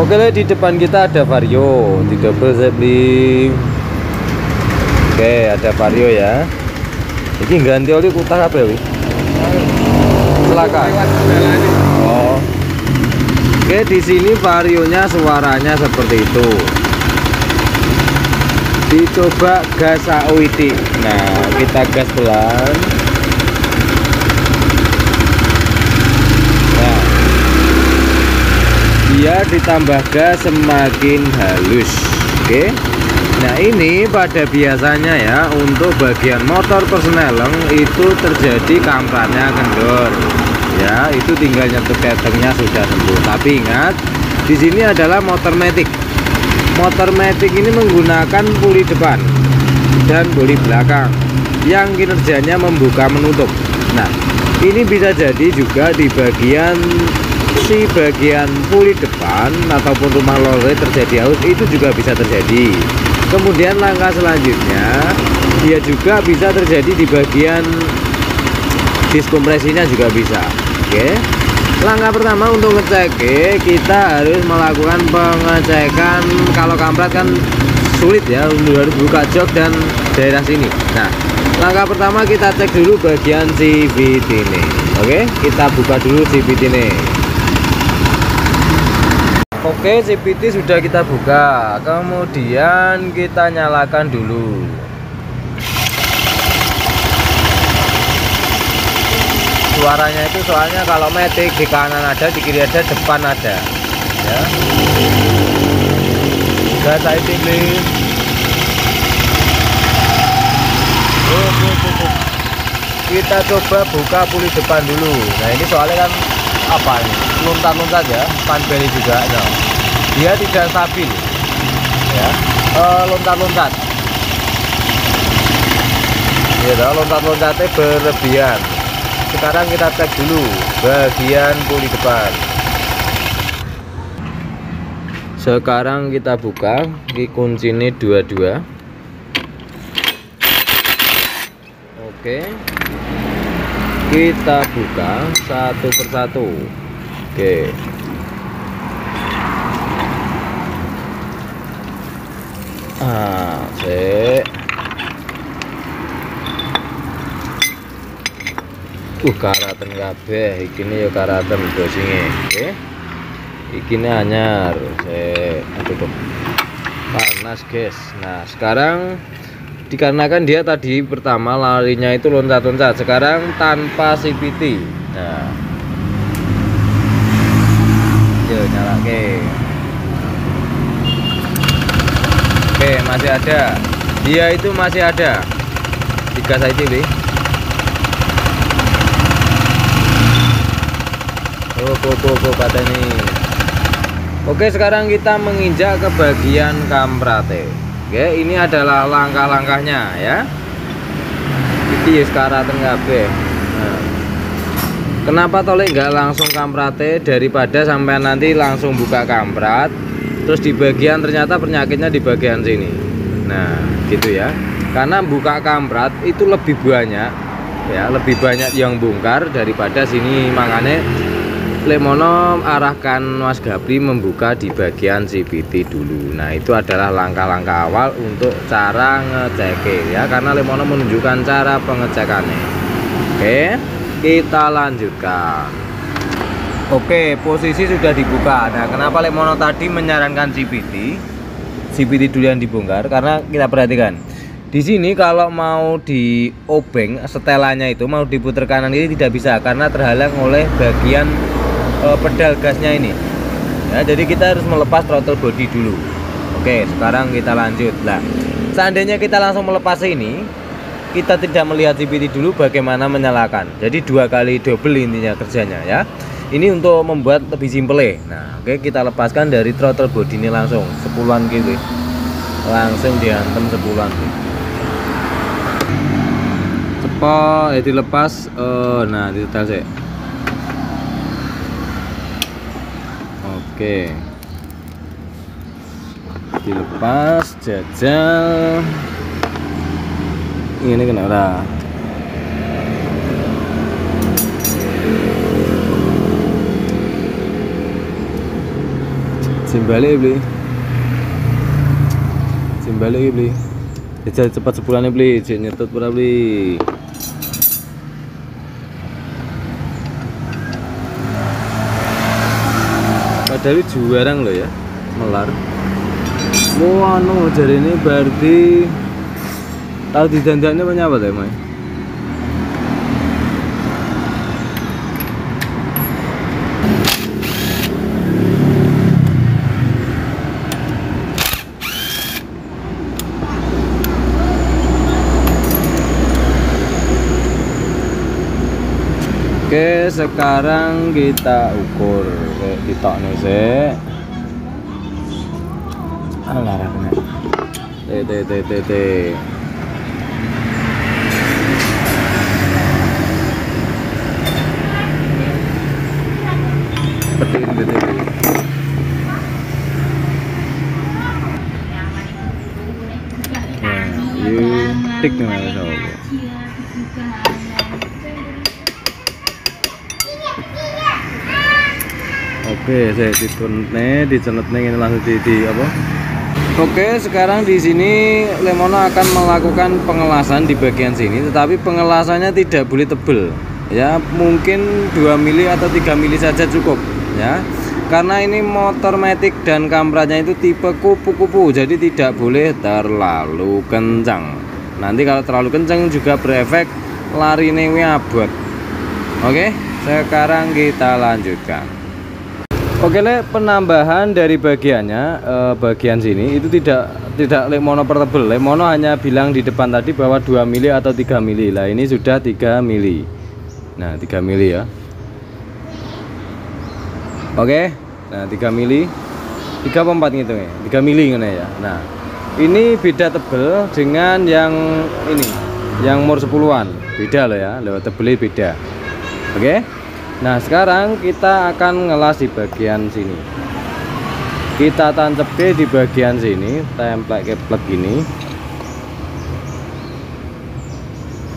Oke lah di depan kita ada Vario di double saya oke ada Vario ya ini ganti oli kutak apa ya celaka oh oke di sini Varionya suaranya seperti itu dicoba gas AOT. nah kita gas pelan biar ditambah gas semakin halus oke okay? nah ini pada biasanya ya untuk bagian motor persneleng itu terjadi kampanye kendor ya itu tinggal nyentuh ketengnya sudah sembuh tapi ingat di sini adalah motor metik. motor metik ini menggunakan puli depan dan puli belakang yang kinerjanya membuka menutup nah ini bisa jadi juga di bagian si bagian puli depan ataupun rumah lorry terjadi haus itu juga bisa terjadi kemudian langkah selanjutnya dia juga bisa terjadi di bagian diskompresinya juga bisa oke okay. langkah pertama untuk ngecek kita harus melakukan pengecekan kalau kampret kan sulit ya untuk harus buka jok dan daerah sini nah langkah pertama kita cek dulu bagian CVT ini e. oke okay? kita buka dulu CVT ini e. Oke, CPT sudah kita buka. Kemudian kita nyalakan dulu. Suaranya itu soalnya kalau metik di kanan ada, di kiri ada, depan ada. Ya. Gas saya Kita coba buka puli depan dulu. Nah, ini soalnya kan apa ini lontar saja ya panbeli juga no dia tidak stabil ya lontar-lontar e, ya lontar lontar itu berlebihan sekarang kita cek dulu bagian puli depan sekarang kita buka di kunci ini dua-dua oke okay kita buka satu persatu oke asik ah, uh karaten kabeh ikine ya karaten dosinge oke ikine anyar asik panas guys nah sekarang dikarenakan dia tadi pertama larinya itu loncat-loncat sekarang tanpa CVT nah yuk nyala oke oke masih ada dia itu masih ada tiga CVT oh kok kata nih Oke sekarang kita menginjak ke bagian kamprate Oke, ini adalah langkah-langkahnya ya. Jadi sekarang tenggabe. Nah. Kenapa tolik nggak langsung kamprate daripada sampai nanti langsung buka kamprat terus di bagian ternyata penyakitnya di bagian sini. Nah, gitu ya. Karena buka kamprat itu lebih banyak ya, lebih banyak yang bongkar daripada sini mangane Lemono arahkan Mas Gabri membuka di bagian CBT dulu nah itu adalah langkah-langkah awal untuk cara ngecek ya karena Lemono menunjukkan cara pengecekannya oke kita lanjutkan oke posisi sudah dibuka nah kenapa Lemono tadi menyarankan CBT CBT dulu yang dibongkar karena kita perhatikan di sini kalau mau di obeng setelannya itu mau diputar kanan ini tidak bisa karena terhalang oleh bagian uh, pedal gasnya ini ya jadi kita harus melepas throttle body dulu oke sekarang kita lanjut lah seandainya kita langsung melepas ini kita tidak melihat CVT dulu bagaimana menyalakan jadi dua kali double intinya kerjanya ya ini untuk membuat lebih simple nah oke kita lepaskan dari throttle body ini langsung sepuluhan kw gitu. langsung diantem sepuluhan gitu. cepat ya dilepas uh, eh, nah detail sih oke dilepas jajal ini kena ora simbali beli simbali beli jajal cepat sebulannya beli jadi nyetot pura beli Dewi juara loh ya melar mau anu jadi ini berarti tahu di dandaknya banyak apa deh Mai? Oke, sekarang kita ukur. di kita nih sih. Alah, T t t t t. Petir t t. Tik nih, Oke, saya ditunne, dicenetne ini langsung di, di apa? Oke, sekarang di sini Lemono akan melakukan pengelasan di bagian sini, tetapi pengelasannya tidak boleh tebel. Ya, mungkin 2 mili atau 3 mili saja cukup, ya. Karena ini motor metik dan kameranya itu tipe kupu-kupu, jadi tidak boleh terlalu kencang. Nanti kalau terlalu kencang juga berefek lari abot. Oke, sekarang kita lanjutkan. Oke le penambahan dari bagiannya eh, bagian sini itu tidak tidak le mono portable. le mono hanya bilang di depan tadi bahwa 2 mili atau 3 mili. Lah ini sudah 3 mili. Nah, 3 mili ya. Oke. Nah, 3 mili. 3 apa 4 ya 3 mili ngene ya. Nah, ini beda tebel dengan yang ini, yang umur 10-an. Beda loh ya. Lewat tebelnya beda. Oke. okay? Nah sekarang kita akan ngelas di bagian sini Kita tancap B di bagian sini Template ke gini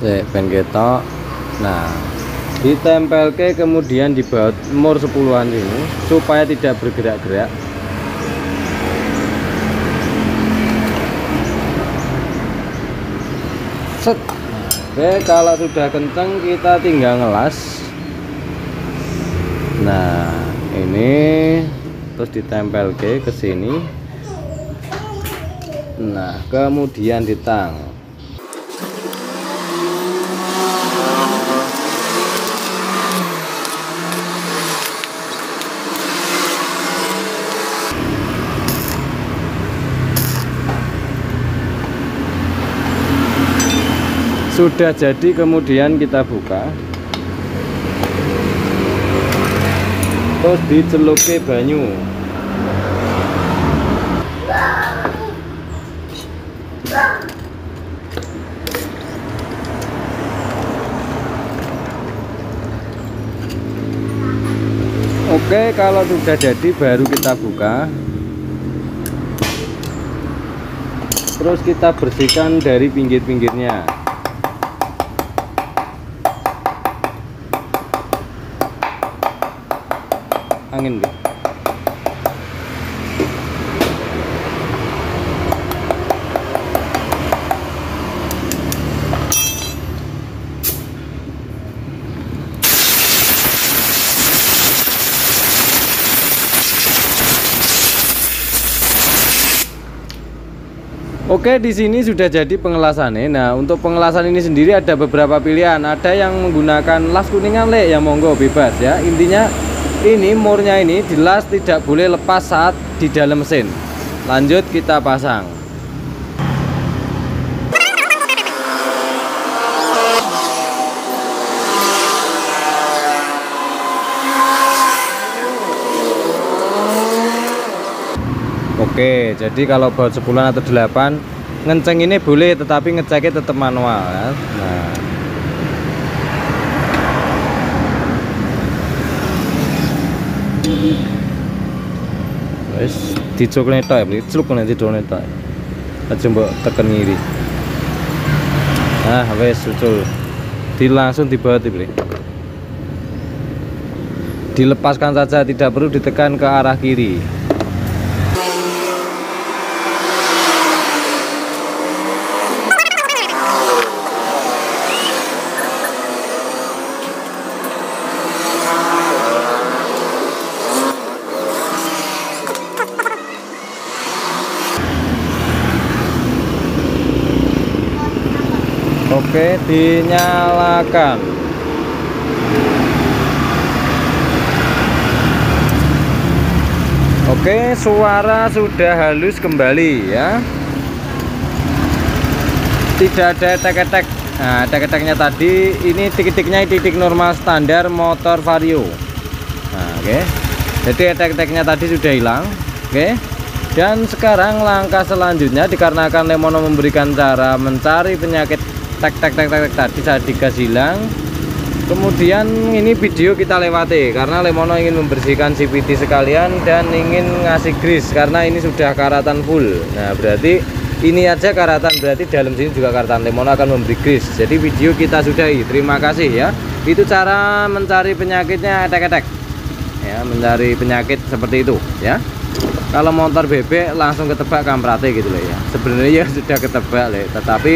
Cek pengetok Nah ditempel ke kemudian di baut mur 10an ini Supaya tidak bergerak-gerak Set Oke nah, kalau sudah kenceng kita tinggal ngelas nah ini terus ditempel ke ke sini nah kemudian ditang sudah jadi kemudian kita buka terus dicelupi banyu Oke kalau sudah jadi baru kita buka terus kita bersihkan dari pinggir-pinggirnya angin gitu. Oke, di sini sudah jadi pengelasannya. Nah, untuk pengelasan ini sendiri ada beberapa pilihan. Ada yang menggunakan las kuningan le, yang monggo bebas ya. Intinya ini murnya ini jelas tidak boleh lepas saat di dalam mesin lanjut kita pasang Oke, jadi kalau baut sebulan atau delapan, ngenceng ini boleh tetapi ngeceknya tetap manual kan? Nah, Wes dicokne tok iki, celukne didone tok. Aja mbok tekan ngiri. Nah, wes ucul. Di langsung dibawa iki, Dilepaskan saja, tidak perlu ditekan ke arah kiri. dinyalakan Oke suara sudah halus kembali ya tidak ada tek-tek nah tek-teknya tadi ini titik-tiknya titik normal standar motor vario nah, oke jadi tek-teknya tadi sudah hilang oke dan sekarang langkah selanjutnya dikarenakan Lemono memberikan cara mencari penyakit tek tek tek tek, tek tadi saya digas hilang kemudian ini video kita lewati karena Lemono ingin membersihkan CVT sekalian dan ingin ngasih grease karena ini sudah karatan full nah berarti ini aja karatan berarti dalam sini juga karatan Lemono akan memberi grease jadi video kita sudahi terima kasih ya itu cara mencari penyakitnya etek-etek ya mencari penyakit seperti itu ya kalau motor bebek langsung ketebak kamprate gitu loh ya sebenarnya ya sudah ketebak loh tetapi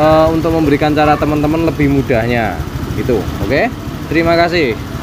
uh, untuk memberikan cara teman-teman lebih mudahnya itu oke okay? terima kasih